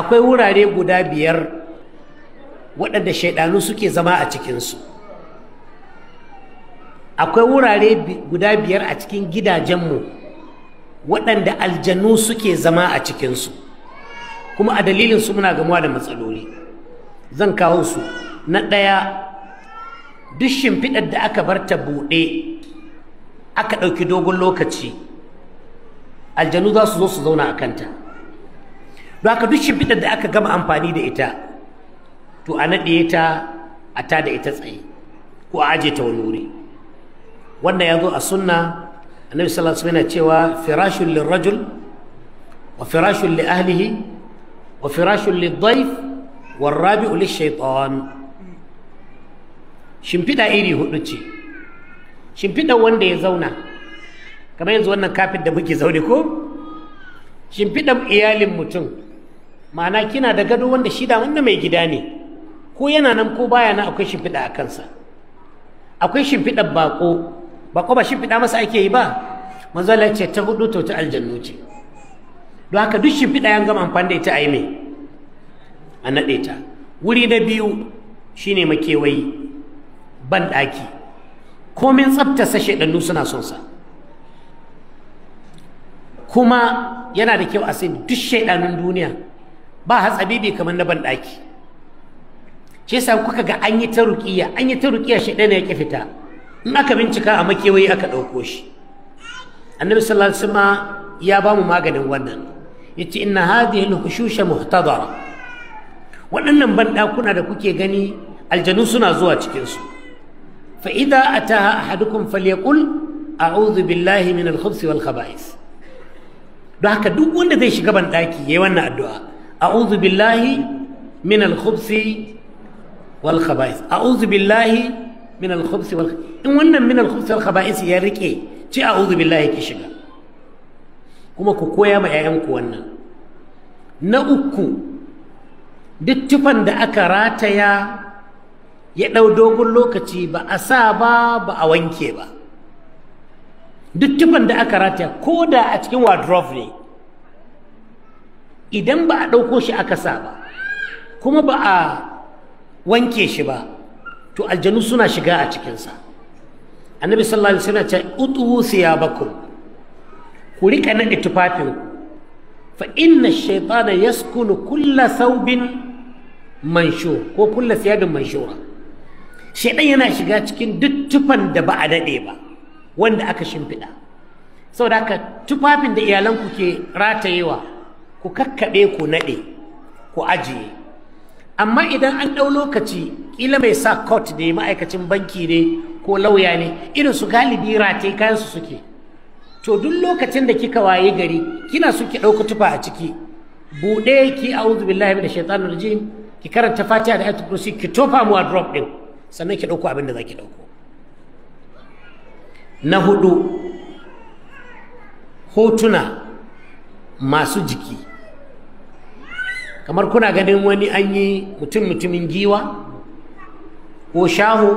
akwai wurare guda biyar waɗanda shaidanu suke zama a cikinsu akwai wurare guda biyar a cikin gidajenmu waɗanda aljanu suke zama a cikinsu kuma a dalilinsu muna gamuwa da matsaloli zan kawo su na ɗaya duk shimfiɗar da aka bar ta buɗe aka ɗauki dogon lokaci aljanu za su zo su zauna a kanta don haka duk shimfiɗar da aka gama amfani da ita to a naɗe ta a ta da ita tsaye ko a aje ta wani wuri wannan ya zo a sunna annabi sallallahu alaihi cewa firashul lirrajul wa firashul li ahlihi wa firashul lidayf wa rabi'u lishaytan shimfiɗa iri hudu ce shimfiɗa wanda ya zauna kamar yanzu wannan kafin da muke zaune ko shimfiɗan iyalin mutum ma'ana kina da gado wanda shida da wanda mai gida ne ko yana nan ko baya nan akwai shimfiɗa a kansa akwai shimfiɗa bako bako ba shimfiɗa masa ake yi ba manzo ce ta hudu to ta aljannu ce don haka duk shimfiɗa yan gama amfani da ita a yi mai a naɗe ta wuri na biyu shine makewayi ban ɗaki komin tsaftace shaidannu suna son sa kuma yana da kyau a sai duk shaiɗanun duniya ba hatsabibi kamar na banɗaki shi yasa kuka ga an yi ta ruƙiya an yi ta ruƙiya shi ɗaya ya fita in aka bincika a makewayi aka ɗauko shi annabi sallallahu alaihi wasallam ya ba mu maganin wannan yace inna hadhihi al-hushusha muhtadara waɗannan banɗakuna da kuke gani aljanu suna zuwa cikin su fa idza ataha ahadukum falyaqul a'udhu billahi min al wal khaba'is don haka duk wanda zai shiga banɗaki yayi wannan addu'a a'udhu min al wal khaba'is a'udhu min al-khubsi wal in wannan min al wal khaba'is ya rike ce a'udhu billahi ki shiga kuma ku koya ma 'ya'yanku wannan na uku duk da aka rataya ya ɗau dogon lokaci ba a sa ba ba a wanke ba duk da aka rataya ko da a cikin wardrobe ne idan ba a ɗauko shi aka sa ba kuma ba a wanke shi ba to aljanu suna shiga a cikinsa annabi sallallahu alaihi wasallam ya ce utuhu siyabakum ku rika naɗe tufafinku fa inna shaytana yaskunu kulla thawbin manshur ko kulla siyabin manshura shaytan yana shiga cikin duk tufan da ba a dade ba wanda aka shimfiɗa saboda haka tufafin da iyalanku ke ratayewa ku kakkaɓe ku naɗe ku ajiye amma idan an ɗau lokaci ƙila mai sa court ne ma'aikacin banki ne ko lauya ne irin su galibi rate kayansu suke to duk lokacin da kika waye gari kina so ki ɗauka tufa a ciki buɗe ki a'udhu billahi minash shaitanir rajim ki karanta fatiha da ayatul kursi ki tofa mu a drop din sannan ki ɗauko abin da za ki ɗauko na hudu hotuna masu jiki kamar kuna ganin wani an yi mutum mutumin giwa ko shahu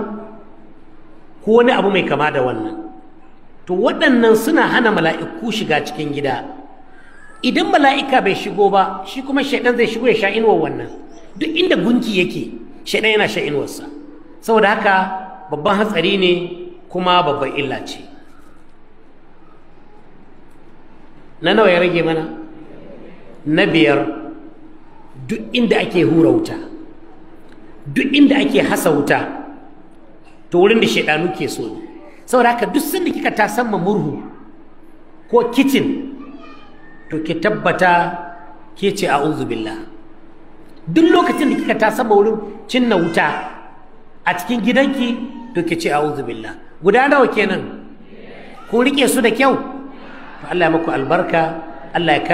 ko wani abu mai kama da wannan to waɗannan suna hana mala'iku shiga cikin gida idan mala'ika bai shigo ba shi kuma shaidan zai shigo ya sha inuwar wannan duk inda gunki yake shaidan yana sha inuwarsa saboda haka babban hatsari ne kuma babban illa ce na nawa ya rage mana na biyar duk inda ake hura wuta duk inda ake hasa wuta to wurin da shaidanu ke so ne saboda haka duk sanda kika ta sama murhu ko kicin to ki tabbata ke ce a billah duk lokacin da kika ta ma wurin cinna wuta a cikin gidanki to ki ce a billah guda nawa kenan ko rike su da kyau Allah ya muku albarka Allah ya